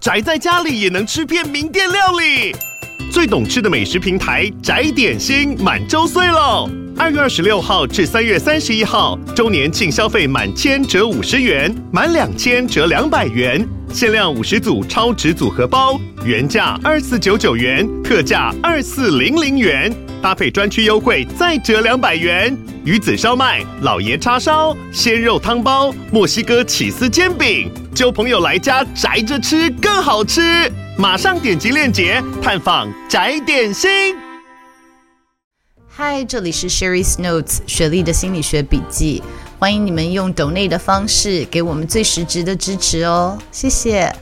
宅在家裡也能吃遍名店料理，最懂吃的美食平台宅點心滿周歲嘍。二月二十六號至三月三十一號，周年慶消費滿千折五十元，滿兩千折兩百元。限量五十組超值組合包，原價二四九九元，特價二四零零元，搭配專區優惠再折兩百元。魚子燒麥、老爺叉燒、鮮肉湯包、墨西哥起司煎餅，交朋友來家宅着吃更好吃。馬上點擊鏈接，探訪宅點心。嗨，這裡是 Sherry's Notes，雪力的心理學筆記。歡迎你們用 donate 的方式給我們最實質的支持哦，謝謝。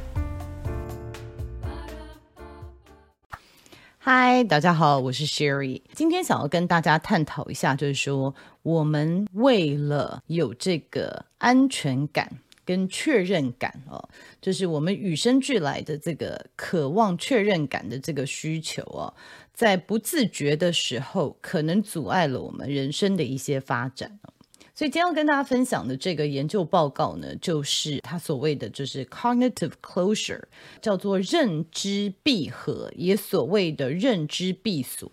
嗨，大家好，我是 Sherry，今天想要跟大家探討一下，就是說我們為了有這個安全感跟確認感哦，就是我們與生俱來的這個渴望確認感的這個需求哦，在不自覺的時候，可能阻礙了我們人生的一些發展。所以今天要跟大家分享的這個研究報告呢，就是他所謂的就是 cognitive closure，叫做認知閉合，也所謂的認知閉鎖。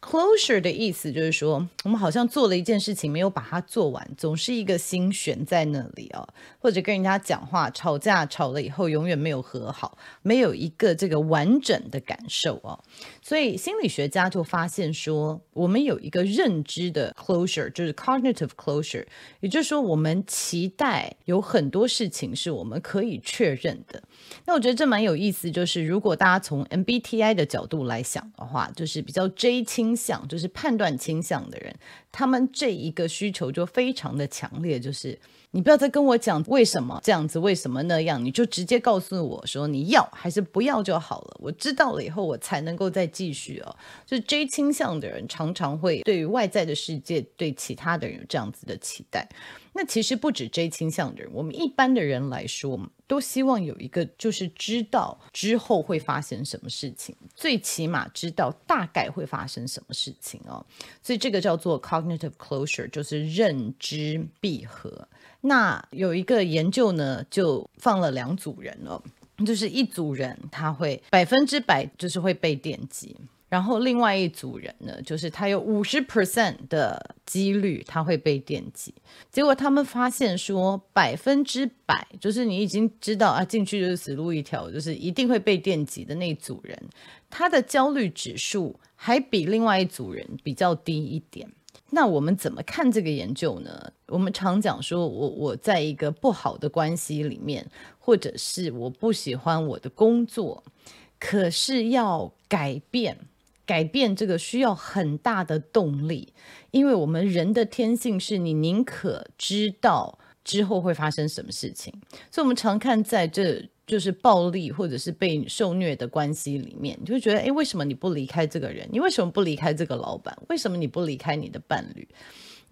closure 的意思就是說，我們好像做了一件事情沒有把它做完，總是一個心懸在那裡啊、哦，或者跟人家講話吵架，吵了以後永遠沒有和好，沒有一個這個完整的感受哦。所以心理學家就發現說，我們有一個認知的 closure，就是 cognitive closure，也就是說，我們期待有很多事情是我們可以確認的。那我覺得這蠻有意思，就是如果大家從 MBTI 的角度來想的話，就是比較 J 傾。傾向就是判斷傾向的人，他們這一個需求就非常的強烈，就是你不要再跟我講為什麼這樣子，為什麼那樣，你就直接告訴我說你要還是不要就好了。我知道了以後，我才能夠再繼續哦。就是 J 傾向的人，常常會對於外在的世界，對其他的人有這樣子的期待。那其實不止 J 傾向的人，我們一般的人來說，都希望有一個就是知道之後會發生什麼事情，最起碼知道大概會發生什麼事情哦。所以這個叫做 Cognitive Closure，就是認知閉合。那有一個研究呢，就放了兩組人哦，就是一組人他會百分之百就是會被電擊，然後另外一組人呢，就是他有五十 percent 的。幾率他會被電擊，結果他們發現說百分之百，就是你已經知道啊進去，就是死路一條，就是一定會被電擊的那組人，他的焦慮指數還比另外一組人比較低一點。那我們怎麼看這個研究呢？我們常講說我我在一個不好的關係裡面，或者是我不喜歡我的工作，可是要改變。改變這個需要很大的動力，因為我們人的天性是你寧可知道之後會發生什麼事情，所以我們常看在這就是暴力或者是被受虐的關係裡面，你就會覺得欸，為什麼你不離開這個人？你為什麼不離開這個老闆？為什麼你不離開你的伴侶？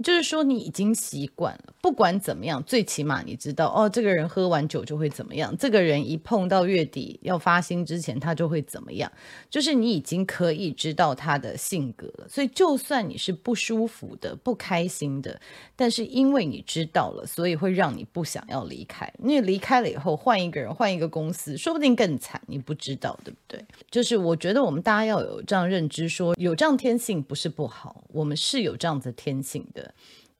就是說，你已經習慣了，不管怎麼樣，最起碼你知道哦，這個人喝完酒就會怎麼樣，這個人一碰到月底要發薪之前，他就會怎麼樣。就是你已經可以知道他的性格了。所以，就算你是不舒服的、不開心的，但是因為你知道了，所以會讓你不想要離開。因為離開了以後，換一個人、換一個公司，說不定更慘。你不知道，對不對？就是我覺得我們大家要有這樣認知說，說有這樣天性不是不好，我們是有這樣的天性的。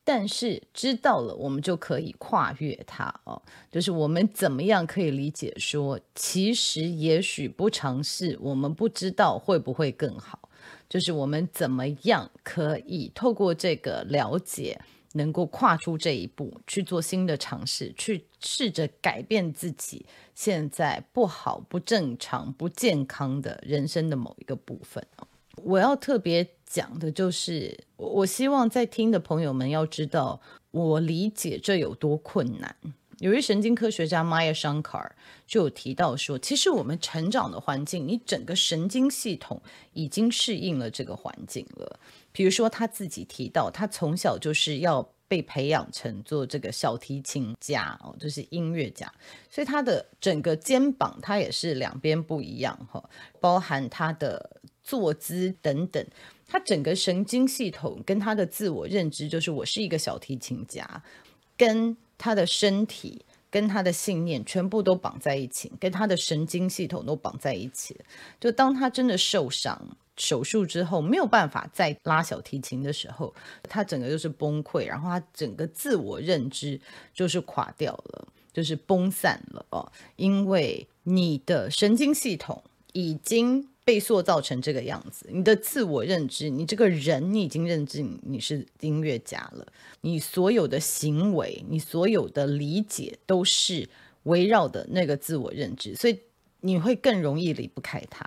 但是知道了，我們就可以跨越它哦。就是我們怎麼樣可以理解說，其實也許不嘗試，我們不知道會不會更好。就是我們怎麼樣可以透過這個了解，能夠跨出這一步，去做新的嘗試，去試着改變自己現在不好、不正常、不健康的人生的某一個部分，哦。我要特別講的就是，我希望在聽的朋友們要知道，我理解這有多困難。有一神經科學家 Maya Shankar 就有提到說，其實我們成長的環境，你整個神經系統已經適應了這個環境了。比如說他自己提到，他從小就是要。被培養成做這個小提琴家哦，就是音樂家，所以他的整個肩膀，他也是兩邊不一樣哈，包含他的坐姿等等，他整個神經系統跟他的自我認知，就是我是一個小提琴家，跟他的身體跟他的信念全部都綁在一起，跟他的神經系統都綁在一起，就當他真的受傷。手術之後沒有辦法再拉小提琴的時候，他整個就是崩潰，然後他整個自我認知就是垮掉了，就是崩散了哦。因為你的神經系統已經被塑造成這個樣子，你的自我認知，你這個人，你已經認知你是音樂家了，你所有的行為，你所有的理解都是圍繞的那個自我認知，所以你會更容易離不開它。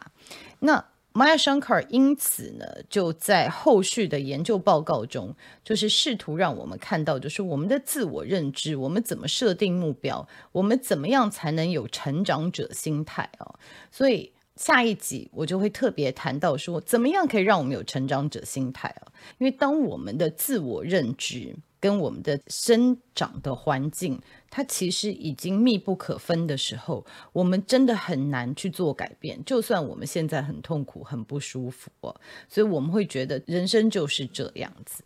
那 Maya Shankar 因此呢，就在後續的研究報告中，就是試圖讓我們看到，就是我們的自我認知，我們怎麼設定目標，我們怎麼樣才能有成長者心態啊？所以下一集我就會特別談到說，怎麼樣可以讓我們有成長者心態啊？因為當我們的自我認知，跟我們的生長的環境，它其實已經密不可分的時候，我們真的很難去做改變。就算我們現在很痛苦、很不舒服，所以我們會覺得人生就是這樣子。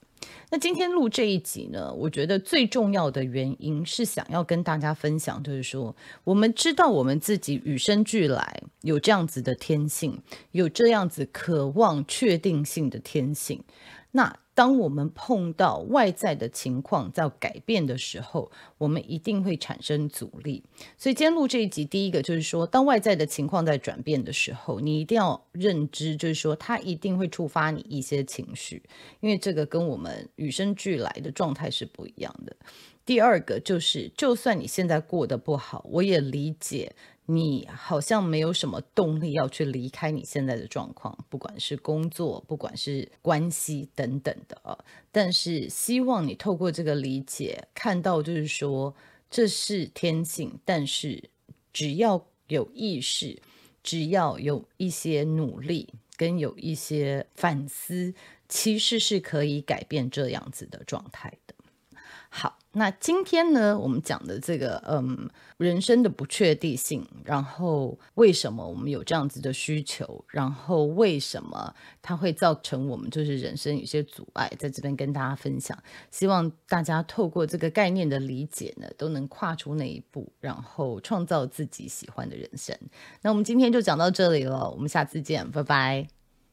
那今天錄這一集呢，我覺得最重要的原因是想要跟大家分享，就是說我們知道我們自己與生俱來有這樣子的天性，有這樣子渴望確定性的天性，那，當我們碰到外在的情況在改變的時候，我們一定會產生阻力。所以今天錄這一集，第一個就是說，當外在的情況在轉變的時候，你一定要認知，就是說，它一定會觸發你一些情緒，因為這個跟我們與生俱來的狀態是不一樣的。第二個就是，就算你現在過得不好，我也理解你好像沒有什麼動力要去離開你現在的狀況，不管是工作，不管是關係等等的。但是希望你透過這個理解，看到就是說，這是天性，但是只要有意識，只要有一些努力跟有一些反思，其實是可以改變這樣子的狀態的。好，那今天呢，我們講的這個，嗯，人生的不確定性，然後為什麼我們有這樣子的需求，然後為什麼它會造成我們就是人生有些阻礙，在這邊跟大家分享，希望大家透過這個概念的理解呢，都能跨出那一步，然後創造自己喜歡的人生。那我們今天就講到這裡了，我們下次見，拜拜。